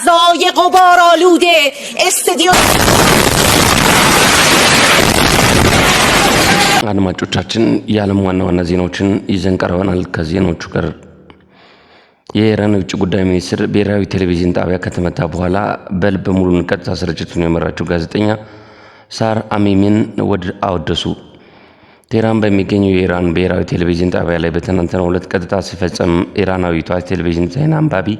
فضای قبار آلوده استدیو አድማጮቻችን የዓለም ዋና ዋና ዜናዎችን ይዘን ቀርበናል። ከዜናዎቹ ጋር የኢራን የውጭ ጉዳይ ሚኒስትር ብሔራዊ ቴሌቪዥን ጣቢያ ከተመታ በኋላ በልበ ሙሉ ቀጥታ ስርጭቱን የመራችው ጋዜጠኛ ሳር አሚሚን ወድ አወደሱ። ቴህራን በሚገኘው የኢራን ብሔራዊ ቴሌቪዥን ጣቢያ ላይ በትናንትናው ዕለት ቀጥታ ሲፈጸም ኢራናዊቷ ቴሌቪዥን ዜና አንባቢ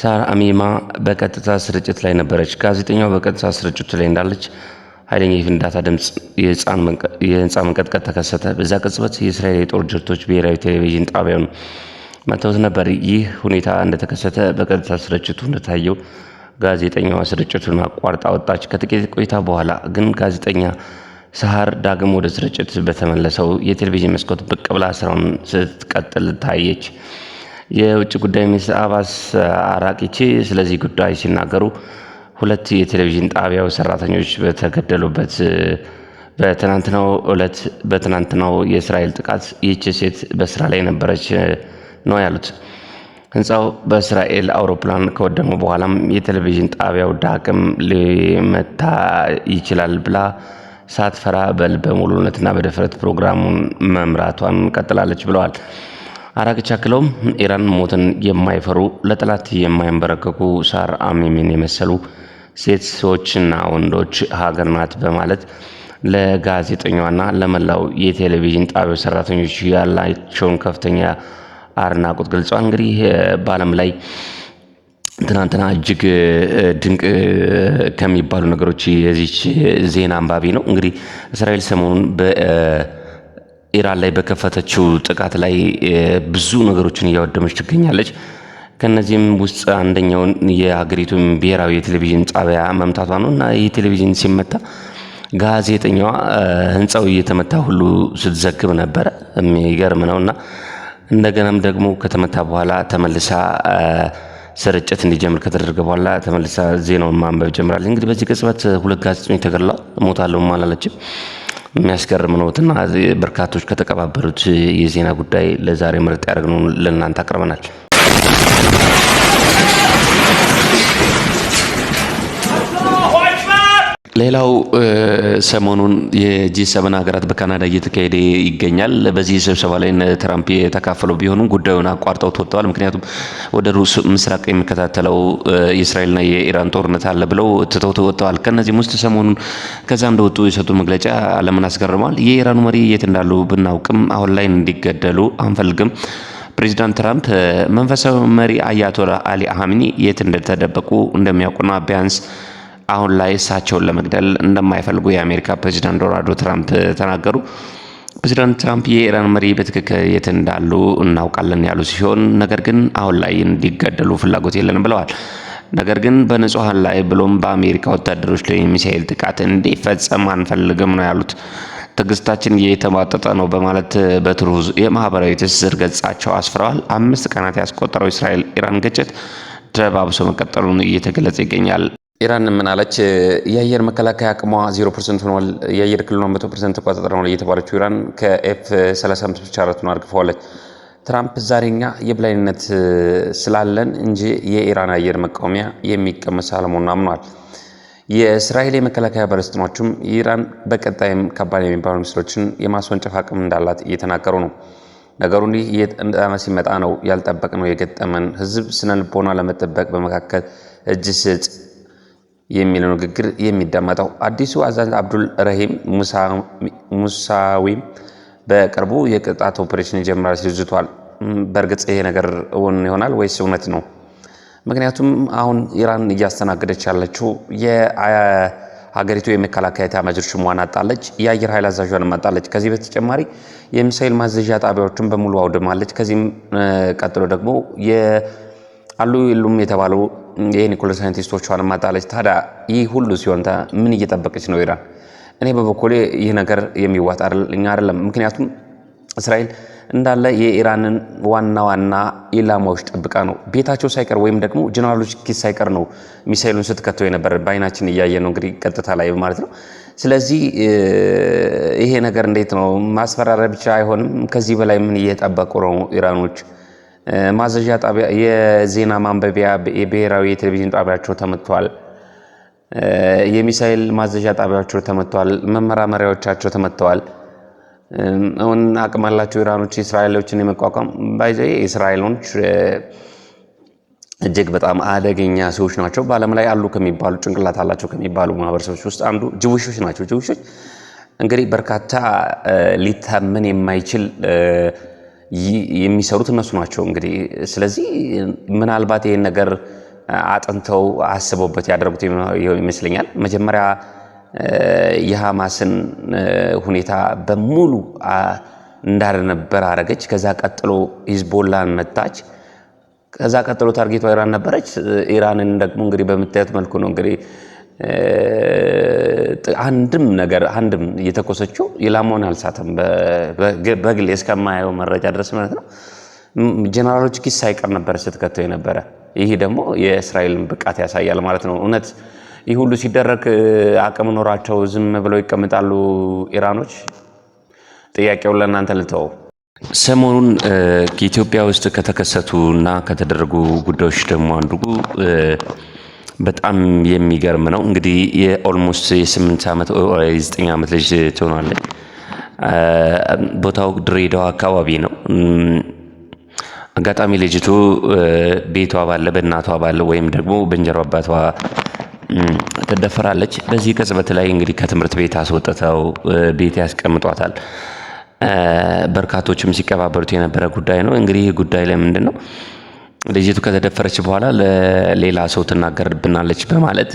ሳር አሚማ በቀጥታ ስርጭት ላይ ነበረች። ጋዜጠኛው በቀጥታ ስርጭቱ ላይ እንዳለች ኃይለኛ የፍንዳታ ድምፅ የህንፃ መንቀጥቀጥ ተከሰተ። በዛ ቅጽበት የእስራኤል የጦር ጀቶች ብሔራዊ ቴሌቪዥን ጣቢያውን መተውት ነበር። ይህ ሁኔታ እንደተከሰተ በቀጥታ ስርጭቱ እንደታየው ጋዜጠኛዋ ስርጭቱን አቋርጣ ወጣች። ከጥቂት ቆይታ በኋላ ግን ጋዜጠኛ ሳሃር ዳግም ወደ ስርጭት በተመለሰው የቴሌቪዥን መስኮት ብቅ ብላ ስራውን ስትቀጥል ታየች። የውጭ ጉዳይ ሚኒስትር አባስ አራቂቺ ስለዚህ ጉዳይ ሲናገሩ ሁለት የቴሌቪዥን ጣቢያው ሰራተኞች በተገደሉበት በትናንትናው እለት በትናንትናው የእስራኤል ጥቃት ይህች ሴት በስራ ላይ ነበረች ነው ያሉት። ህንፃው በእስራኤል አውሮፕላን ከወደመ በኋላም የቴሌቪዥን ጣቢያው ዳግም ሊመታ ይችላል ብላ ሳትፈራ በልበ ሙሉነትና በድፍረት ፕሮግራሙን መምራቷን ቀጥላለች ብለዋል። ክለው ኢራን ሞትን የማይፈሩ ለጠላት የማይንበረከኩ ሳር አሚሚን የመሰሉ ሴት ሰዎችና ወንዶች ሀገር ናት በማለት ለጋዜጠኛዋና ለመላው የቴሌቪዥን ጣቢያ ሰራተኞች ያላቸውን ከፍተኛ አድናቆት ገልጸዋል። እንግዲህ በዓለም ላይ ትናንትና እጅግ ድንቅ ከሚባሉ ነገሮች የዚች ዜና አንባቢ ነው። እንግዲህ እስራኤል ሰሞኑን በ ኢራን ላይ በከፈተችው ጥቃት ላይ ብዙ ነገሮችን እያወደመች ትገኛለች። ከነዚህም ውስጥ አንደኛውን የሀገሪቱን ብሔራዊ የቴሌቪዥን ጣቢያ መምታቷ ነው እና ይህ ቴሌቪዥን ሲመታ ጋዜጠኛዋ ህንፃው እየተመታ ሁሉ ስትዘግብ ነበረ። የሚገርም ነው እና እንደገናም ደግሞ ከተመታ በኋላ ተመልሳ ስርጭት እንዲጀምር ከተደረገ በኋላ ተመልሳ ዜናውን ማንበብ ጀምራለች። እንግዲህ በዚህ ቅጽበት ሁለት ጋዜጠኞች ተገድለዋል። ሞታለሁም አላለችም። የሚያስገርም ነው እና በርካቶች ከተቀባበሉት የዜና ጉዳይ ለዛሬ ምርጥ ነው ለእናንተ አቅርበናል። ሌላው ሰሞኑን የጂ ሰብን ሀገራት በካናዳ እየተካሄደ ይገኛል። በዚህ ስብሰባ ላይ ትራምፕ የተካፈሉ ቢሆኑም ጉዳዩን አቋርጠው ወጥተዋል። ምክንያቱም ወደ ሩስ ምስራቅ የሚከታተለው የእስራኤልና የኢራን ጦርነት አለ ብለው ትተው ወጥተዋል። ከእነዚህም ውስጥ ሰሞኑን ከዛ እንደወጡ የሰጡ መግለጫ ዓለምን አስገርመዋል። የኢራኑ መሪ የት እንዳሉ ብናውቅም አሁን ላይ እንዲገደሉ አንፈልግም። ፕሬዚዳንት ትራምፕ መንፈሳዊ መሪ አያቶላ አሊ ሀሚኒ የት እንደተደበቁ እንደሚያውቁና ቢያንስ አሁን ላይ እሳቸውን ለመግደል እንደማይፈልጉ የአሜሪካ ፕሬዚዳንት ዶናልድ ትራምፕ ተናገሩ። ፕሬዚዳንት ትራምፕ የኢራን መሪ በትክክል የት እንዳሉ እናውቃለን ያሉ ሲሆን ነገር ግን አሁን ላይ እንዲገደሉ ፍላጎት የለን ብለዋል። ነገር ግን በንጹሐን ላይ ብሎም በአሜሪካ ወታደሮች ላይ የሚሳኤል ጥቃት እንዲፈጸም አንፈልግም ነው ያሉት። ትግስታችን እየተሟጠጠ ነው በማለት በትሩዝ የማህበራዊ ትስስር ገጻቸው አስፍረዋል። አምስት ቀናት ያስቆጠረው እስራኤል ኢራን ግጭት ተባብሶ መቀጠሉን እየተገለጸ ይገኛል። ኢራን ምን አለች? የአየር መከላከያ አቅሟ 0 ፐርሰንት ሆኗል። የአየር ክልሏ መቶ ፐርሰንት ተቆጣጠር ነው እየተባለችው ኢራን ከኤፍ 35 ብቻ አራቱን አርግፈዋለች። ትራምፕ ዛሬ እኛ የበላይነት ስላለን እንጂ የኢራን አየር መቃወሚያ የሚቀመስ አለመሆኑን አምኗል። የእስራኤል የመከላከያ ባለስልጣኖችም ኢራን በቀጣይም ከባድ የሚባሉ ምስሎችን የማስወንጨፍ አቅም እንዳላት እየተናገሩ ነው። ነገሩ እንዲህ እየጠመ ሲመጣ ነው ያልጠበቅነው የገጠመን። ህዝብ ስነልቦና ለመጠበቅ በመካከል እጅ ስጥ የሚለው ንግግር የሚዳመጠው። አዲሱ አዛዥ አብዱል ረሂም ሙሳዊም በቅርቡ የቅጣት ኦፕሬሽን ይጀምራል ሲል ዝቷል። በእርግጥ ይሄ ነገር እውን ይሆናል ወይስ እውነት ነው? ምክንያቱም አሁን ኢራን እያስተናገደች ያለችው የሀገሪቱ የመከላከያ ኤታማዦር ሹሟን አጣለች፣ የአየር ኃይል አዛዧንም አጣለች። ከዚህ በተጨማሪ የሚሳይል ማዘዣ ጣቢያዎችን በሙሉ አውድማለች። ከዚህም ቀጥሎ ደግሞ አሉ የሉም የተባሉ የኒኩለር ሳይንቲስቶቿን ማጣለች። ታዲያ ይህ ሁሉ ሲሆን ምን እየጠበቀች ነው ኢራን? እኔ በበኩሌ ይህ ነገር የሚዋጥ እኛ አይደለም። ምክንያቱም እስራኤል እንዳለ የኢራንን ዋና ዋና ኢላማዎች ጠብቃ ነው ቤታቸው ሳይቀር ወይም ደግሞ ጀነራሎች ኪስ ሳይቀር ነው ሚሳይሉን ስትከተው የነበረ በአይናችን እያየ ነው እንግዲህ ቀጥታ ላይ ማለት ነው። ስለዚህ ይሄ ነገር እንዴት ነው ማስፈራሪያ ብቻ አይሆንም። ከዚህ በላይ ምን እየጠበቁ ነው ኢራኖች? ማዘዣ ጣቢያ የዜና ማንበቢያ የብሔራዊ የቴሌቪዥን ጣቢያቸው ተመቷል። የሚሳይል ማዘዣ ጣቢያቸው ተመቷል። መመራመሪያዎቻቸው ተመተዋል። አሁን አቅም ያላቸው ኢራኖች እስራኤሎችን የመቋቋም ባይዘ እስራኤሎች እጅግ በጣም አደገኛ ሰዎች ናቸው። በዓለም ላይ አሉ ከሚባሉ ጭንቅላት አላቸው ከሚባሉ ማህበረሰቦች ውስጥ አንዱ ጅቡሾች ናቸው። ጅቡሾች እንግዲህ በርካታ ሊታመን የማይችል የሚሰሩት እነሱ ናቸው። እንግዲህ ስለዚህ ምናልባት ይህን ነገር አጥንተው አስበውበት ያደረጉት ይመስለኛል። መጀመሪያ የሐማስን ሁኔታ በሙሉ እንዳልነበር አረገች። ከዛ ቀጥሎ ሂዝቦላን መታች። ከዛ ቀጥሎ ታርጌቷ ኢራን ነበረች። ኢራንን ደግሞ እንግዲህ በምታዩት መልኩ ነው እንግዲህ አንድም ነገር አንድም እየተኮሰችው የላሞን አልሳትም በግል እስከማየው መረጃ ድረስ ማለት ነው። ጀነራሎች ኪስ ሳይቀር ነበር ስትከተው የነበረ። ይህ ደግሞ የእስራኤልን ብቃት ያሳያል ማለት ነው። እውነት ይህ ሁሉ ሲደረግ አቅም ኖሯቸው ዝም ብለው ይቀምጣሉ ኢራኖች? ጥያቄውን ለእናንተ ልተው። ሰሞኑን ከኢትዮጵያ ውስጥ ከተከሰቱ እና ከተደረጉ ጉዳዮች ደግሞ አንዱ በጣም የሚገርም ነው። እንግዲህ የኦልሞስት የስምንት ዓመት የዘጠኝ ዓመት ልጅ ትሆናለች። ቦታው ድሬዳዋ አካባቢ ነው። አጋጣሚ ልጅቱ ቤቷ ባለ በእናቷ ባለ ወይም ደግሞ በእንጀራ አባቷ ትደፈራለች። በዚህ ቅጽበት ላይ እንግዲህ ከትምህርት ቤት አስወጥተው ቤት ያስቀምጧታል። በርካቶችም ሲቀባበሉት የነበረ ጉዳይ ነው። እንግዲህ ይህ ጉዳይ ላይ ምንድን ነው ልጅቱ ከተደፈረች በኋላ ለሌላ ሰው ትናገርብናለች በማለት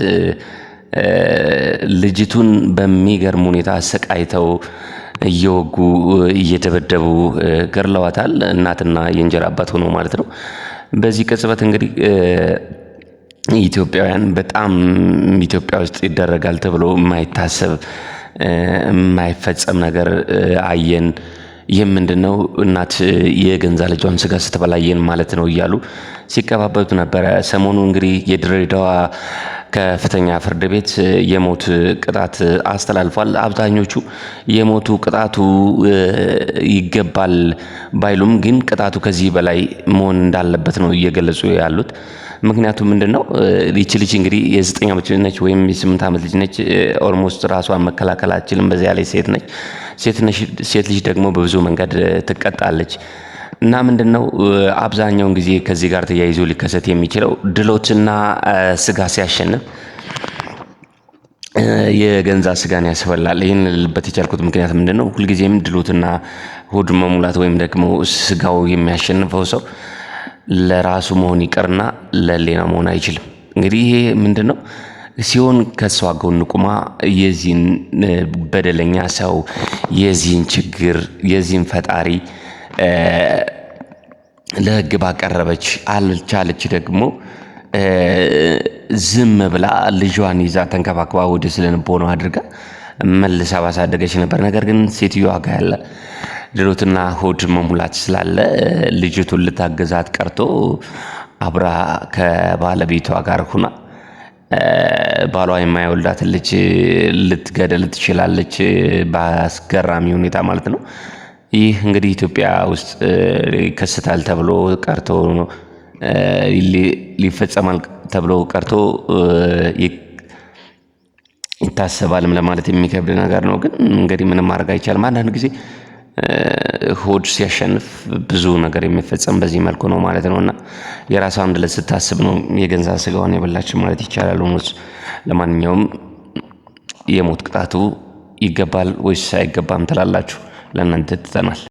ልጅቱን በሚገርም ሁኔታ አሰቃይተው እየወጉ እየደበደቡ ገድለዋታል። እናትና የእንጀራ አባት ሆኖ ማለት ነው። በዚህ ቅጽበት እንግዲህ ኢትዮጵያውያን በጣም ኢትዮጵያ ውስጥ ይደረጋል ተብሎ የማይታሰብ የማይፈጸም ነገር አየን። ይህም ምንድን ነው እናት የገንዛ ልጇን ስጋ ስትበላየን ማለት ነው እያሉ ሲቀባበቱ ነበረ። ሰሞኑ እንግዲህ የድሬዳዋ ከፍተኛ ፍርድ ቤት የሞት ቅጣት አስተላልፏል። አብዛኞቹ የሞቱ ቅጣቱ ይገባል ባይሉም ግን ቅጣቱ ከዚህ በላይ መሆን እንዳለበት ነው እየገለጹ ያሉት። ምክንያቱም ምንድን ነው ይቺ ልጅ እንግዲህ የዘጠኝ ዓመት ልጅ ነች፣ ወይም የስምንት ዓመት ልጅ ነች። ኦልሞስት ራሷን መከላከል አትችልም በዚያ ላይ ሴት ነች። ሴት ልጅ ደግሞ በብዙ መንገድ ትቀጣለች እና ምንድን ነው አብዛኛውን ጊዜ ከዚህ ጋር ተያይዞ ሊከሰት የሚችለው ድሎትና ስጋ ሲያሸንፍ የገንዛ ስጋን ያስፈላል። ይህን ልበት የቻልኩት ምክንያት ምንድን ነው? ሁልጊዜም ድሎትና ሆድ መሙላት ወይም ደግሞ ስጋው የሚያሸንፈው ሰው ለራሱ መሆን ይቅርና ለሌላ መሆን አይችልም። እንግዲህ ይሄ ምንድን ነው ሲሆን ከእሷ ጎን ቁማ የዚህን በደለኛ ሰው የዚህን ችግር የዚህን ፈጣሪ ለህግ ባቀረበች አልቻለች ደግሞ ዝም ብላ ልጇን ይዛ ተንከባክባ ወደ ስነልቦናዋ አድርጋ መልሳ ባሳደገች ነበር። ነገር ግን ሴትዮዋ ጋ ያለ ድሎትና ሆድ መሙላት ስላለ ልጅቱን ልታገዛት ቀርቶ አብራ ከባለቤቷ ጋር ሁና ባሏ የማይወልዳትን ልጅ ልትገደል ትችላለች፣ በአስገራሚ ሁኔታ ማለት ነው። ይህ እንግዲህ ኢትዮጵያ ውስጥ ይከሰታል ተብሎ ቀርቶ ሊፈጸማል ተብሎ ቀርቶ ይታሰባልም ለማለት የሚከብድ ነገር ነው። ግን እንግዲህ ምንም ማድረግ አይቻልም። አንዳንድ ጊዜ ሆድ ሲያሸንፍ ብዙ ነገር የሚፈጸም በዚህ መልኩ ነው ማለት ነው እና የራሷ አንድ ዕለት ስታስብ ነው የገንዛ ስጋዋን የበላችን ማለት ይቻላል። ሞት ለማንኛውም የሞት ቅጣቱ ይገባል ወይስ አይገባም ትላላችሁ? ለእናንተ ትተናል።